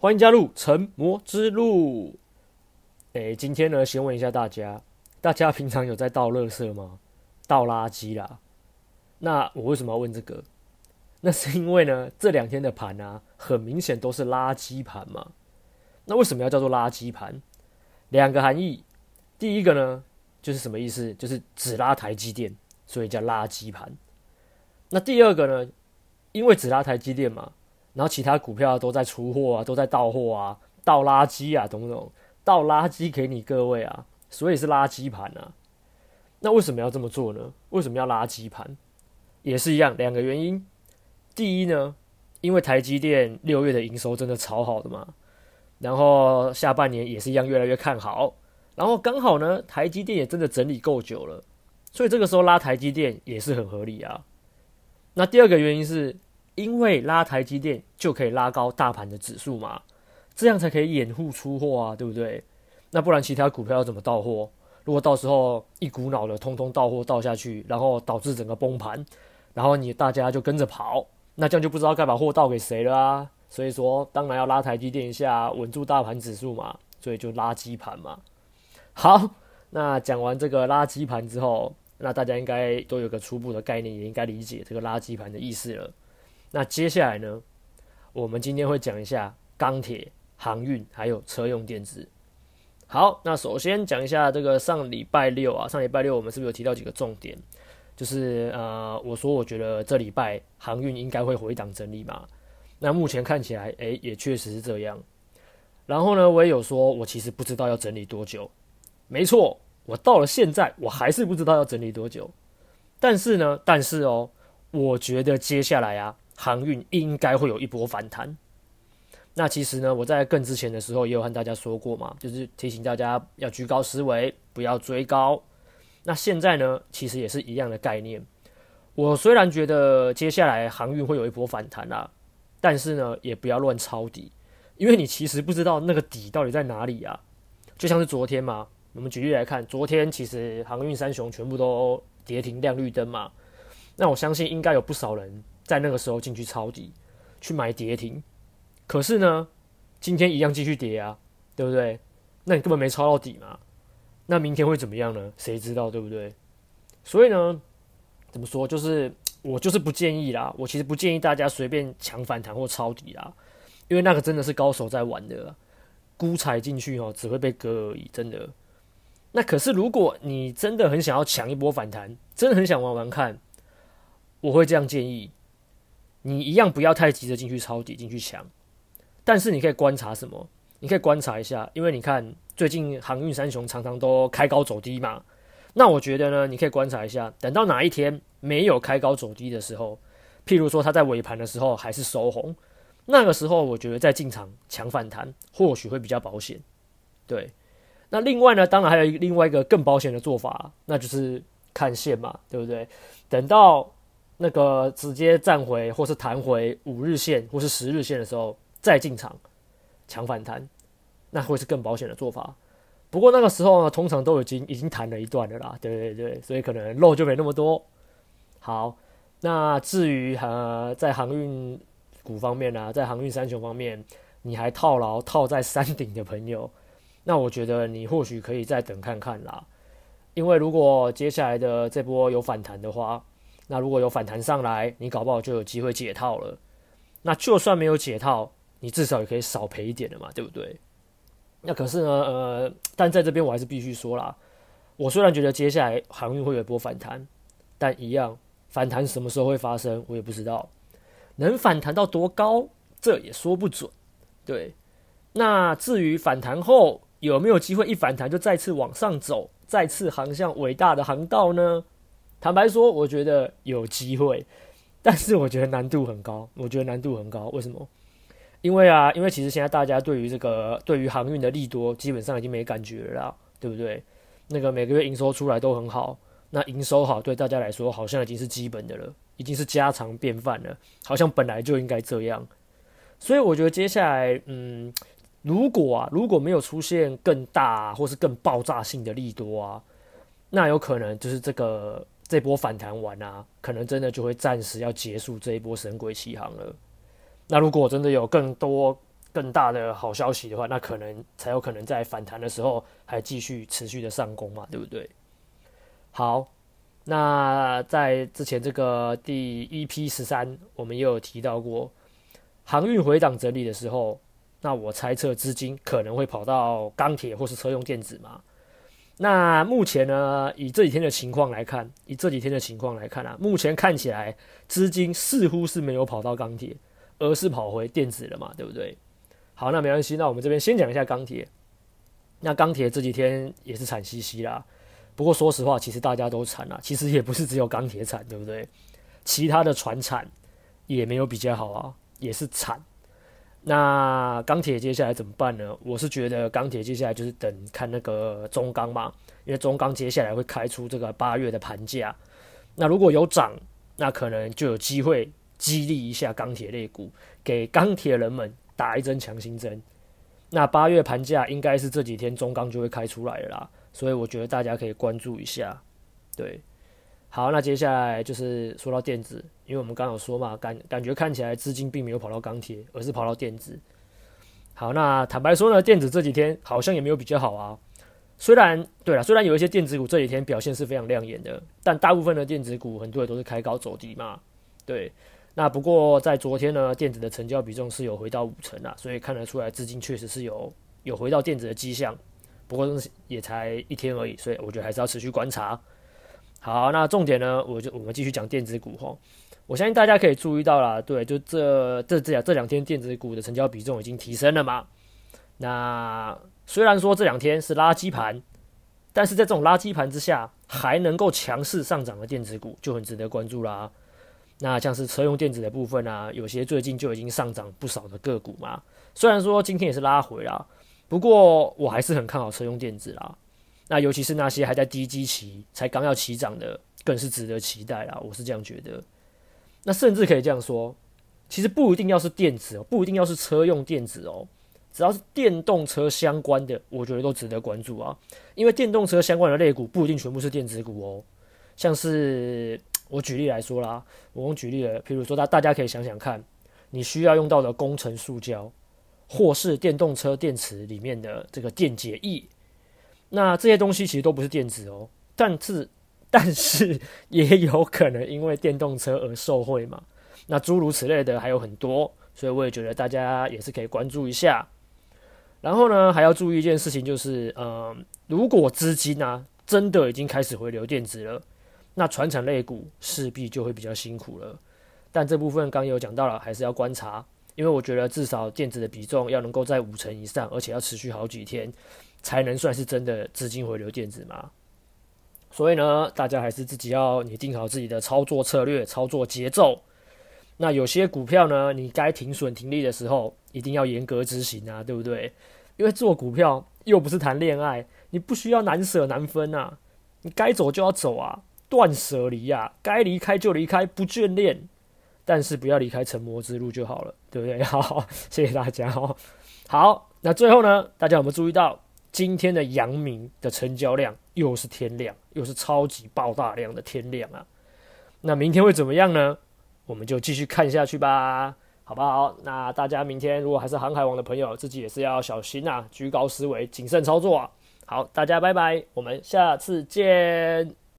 歡迎加入成魔之路。哎，今天呢，先問一下大家，大家平常有在倒垃圾嗎？倒垃圾啦。那我為什麼要問這個？那是因為呢，這兩天的盤啊，很明顯都是垃圾盤嘛。那為什麼要叫做垃圾盤？兩個含義。第一個呢，就是什麼意思？就是只拉台積電，所以叫垃圾盤。那第二個呢，因為只拉台積電嘛。然後其他股票都在出貨啊，都在倒貨啊，倒垃圾啊，懂不懂？倒垃圾給你各位啊，所以是垃圾盤啊。那為什麼要這麼做呢？為什麼要垃圾盤？也是一樣，兩個原因。第一呢，因為台積電六月的營收真的超好的嘛，然後下半年也是一樣越來越看好，然後剛好呢，台積電也真的整理夠久了，所以這個時候拉台積電也是很合理啊。那第二個原因是。因為拉台積電就可以拉高大盤的指數嘛，這樣才可以掩護出貨啊，對不對？那不然其他股票要怎麼倒貨？如果到時候一股腦的通通倒貨倒下去，然後導致整個崩盤，然後你大家就跟着跑，那這樣就不知道該把貨倒給誰了啊！所以說，當然要拉台積電一下，穩住大盤指數嘛，所以就垃圾盤嘛。好，那講完這個垃圾盤之後，那大家應該都有個初步的概念，也應該理解這個垃圾盤的意思了。那接下來呢，我們今天會講一下鋼鐵、航運還有車用電子。好,那首先講一下這個上禮拜六啊,上禮拜六我們是不是有提到幾個重點?就是呃,我說我覺得這禮拜航運應該會回檔整理嘛。那目前看起來,誒、欸,也確實是這樣。然後呢,我也有說,我其實不知道要整理多久。沒錯,我到了現在,我還是不知道要整理多久。但是呢,但是哦,我覺得接下來啊。航運應該會有一波反彈。那其實呢，我在更之前的時候也有和大家說過嘛，就是提醒大家要居高思危，不要追高。那現在呢，其實也是一樣的概念。我雖然覺得接下來航運會有一波反彈啦、啊，但是呢，也不要亂抄底，因為你其實不知道那個底到底在哪裡啊。就像是昨天嘛，我們舉例來看，昨天其實航運三雄全部都跌停亮綠燈嘛。那我相信應該有不少人。在那個時候進去抄底去買跌停，可是呢，今天一樣繼續跌啊，對不對？那你根本沒抄到底嘛，那明天會怎麼樣呢？誰知道，對不對？所以呢，怎麼說？就是我就是不建議啦，我其實不建議大家隨便搶反彈或抄底啦，因為那個真的是高手在玩的，孤踩進去哦，只會被割而已，真的。那可是如果你真的很想要搶一波反彈，真的很想玩玩看，我會這樣建議。你一樣不要太急着進去抄底、進去搶，但是你可以觀察什麼？你可以觀察一下，因為你看最近航運三雄常常都開高走低嘛。那我覺得呢，你可以觀察一下，等到哪一天沒有開高走低的時候，譬如說它在尾盤的時候還是收紅，那個時候我覺得再進場搶反彈，或許會比較保險。對，那另外呢，當然還有另外一個更保險的做法，那就是看線嘛，對不對？等到。那個直接站回或是彈回五日線或是十日線的時候，再進場搶反彈，那會是更保險的做法。不過那個時候呢，通常都已經已經彈了一段了啦，對對對，所以可能肉就沒那麼多。好，那至於呃，在航運股方面呢、啊，在航運三雄方面，你還套牢套在山頂的朋友，那我覺得你或許可以再等看看啦，因為如果接下來的這波有反彈的話。那如果有反彈上來，你搞不好就有機會解套了。那就算沒有解套，你至少也可以少賠一點了嘛，對不對？那可是呢，呃，但在這邊我還是必須說啦。我雖然覺得接下來航運會有一波反彈，但一樣，反彈什麼時候會發生，我也不知道。能反彈到多高，這也說不準，對。那至於反彈後有沒有機會一反彈就再次往上走，再次航向偉大的航道呢？坦白說，我覺得有機會，但是我覺得難度很高。我覺得難度很高，為什麼？因為啊，因為其實現在大家對於這個對於航運的利多，基本上已經沒感覺了啦，對不對？那個每個月營收出來都很好，那營收好對大家來說好像已經是基本的了，已經是家常便飯了，好像本來就應該這樣。所以我覺得接下來，嗯，如果啊，如果沒有出現更大或是更爆炸性的利多啊，那有可能就是這個。這波反彈完啊，可能真的就會暫時要結束這一波神鬼奇航了。那如果真的有更多、更大的好消息的話，那可能才有可能在反彈的時候還繼續持續的上攻嘛，對不對？好，那在之前這個 EP13，我們也有提到過，航運回檔整理的時候，那我猜測資金可能會跑到鋼鐵或是車用電子嘛。那目前呢？以這幾天的情況來看，以這幾天的情況來看啊，目前看起來資金似乎是沒有跑到鋼鐵，而是跑回電子了嘛，對不對？好，那沒關係，那我們這邊先講一下鋼鐵。那鋼鐵這幾天也是慘兮兮啦。不過說實話，其實大家都慘啦，其實也不是只有鋼鐵慘，對不對？其他的傳產也沒有比較好啊，也是慘。那鋼鐵接下來怎麼辦呢？我是覺得鋼鐵接下來就是等看那個中鋼嘛，因為中鋼接下來會開出這個八月的盤價。那如果有漲，那可能就有機會激勵一下鋼鐵類股，給鋼鐵人們打一針強心針。那八月盤價應該是這幾天中鋼就會開出來了啦，所以我覺得大家可以關注一下，對。好，那接下來就是說到電子，因為我們剛有說嘛，感感覺看起來資金並沒有跑到鋼鐵，而是跑到電子。好，那坦白說呢，電子這幾天好像也沒有比較好啊。雖然對了，雖然有一些電子股這幾天表現是非常亮眼的，但大部分的電子股，很多人都是開高走低嘛。對，那不過在昨天呢，電子的成交比重是有回到五成啊，所以看得出來資金確實是有有回到電子的跡象。不過也才一天而已，所以我覺得還是要持續觀察。好，那重點呢？我就我們繼續講電子股吼。我相信大家可以注意到啦，對，就這這這這兩天電子股的成交比重已經提升了嘛。那雖然說這兩天是垃圾盤，但是在這種垃圾盤之下，還能夠強勢上漲的電子股就很值得關注啦。那像是車用電子的部分啊，有些最近就已經上漲不少的個股嘛。雖然說今天也是拉回啦，不過我還是很看好車用電子啦。那尤其是那些還在低基期，才剛要起漲的，更是值得期待啦！我是這樣覺得。那甚至可以這樣說，其實不一定要是電子哦、喔，不一定要是車用電子哦、喔，只要是電動車相關的，我覺得都值得關注啊。因為電動車相關的類股不一定全部是電子股哦、喔。像是我舉例來說啦，我用舉例了，譬如說，大大家可以想想看，你需要用到的工程塑膠，或是電動車電池裡面的這個電解液。那這些東西其實都不是電子哦，但是，但是也有可能因為電動車而受惠嘛。那諸如此類的還有很多，所以我也覺得大家也是可以關注一下。然後呢，還要注意一件事情，就是嗯、呃，如果資金呢、啊、真的已經開始回流電子了，那傳產類股勢必就會比較辛苦了。但這部分剛剛有講到了，還是要觀察，因為我覺得至少電子的比重要能夠在五成以上，而且要持續好幾天。才能算是真的資金回流電子嗎？所以呢，大家還是自己要擬定好自己的操作策略、操作節奏。那有些股票呢，你該停損停利的時候，一定要嚴格執行啊，對不對？因為做股票又不是談戀愛，你不需要難捨難分啊，你該走就要走啊，斷捨離呀、啊，該離開就離開，不眷戀，但是不要離開成魔之路就好了，對不對？好，謝謝大家、哦。好，那最後呢，大家有沒有注意到？今天的陽明的成交量又是天量，又是超級爆大量，的天量啊！那明天會怎麼樣呢？我們就繼續看下去吧，好不好？那大家明天如果還是航海王的朋友，自己也是要小心吶、啊，居高思危，謹慎操作。好，大家拜拜，我們下次見。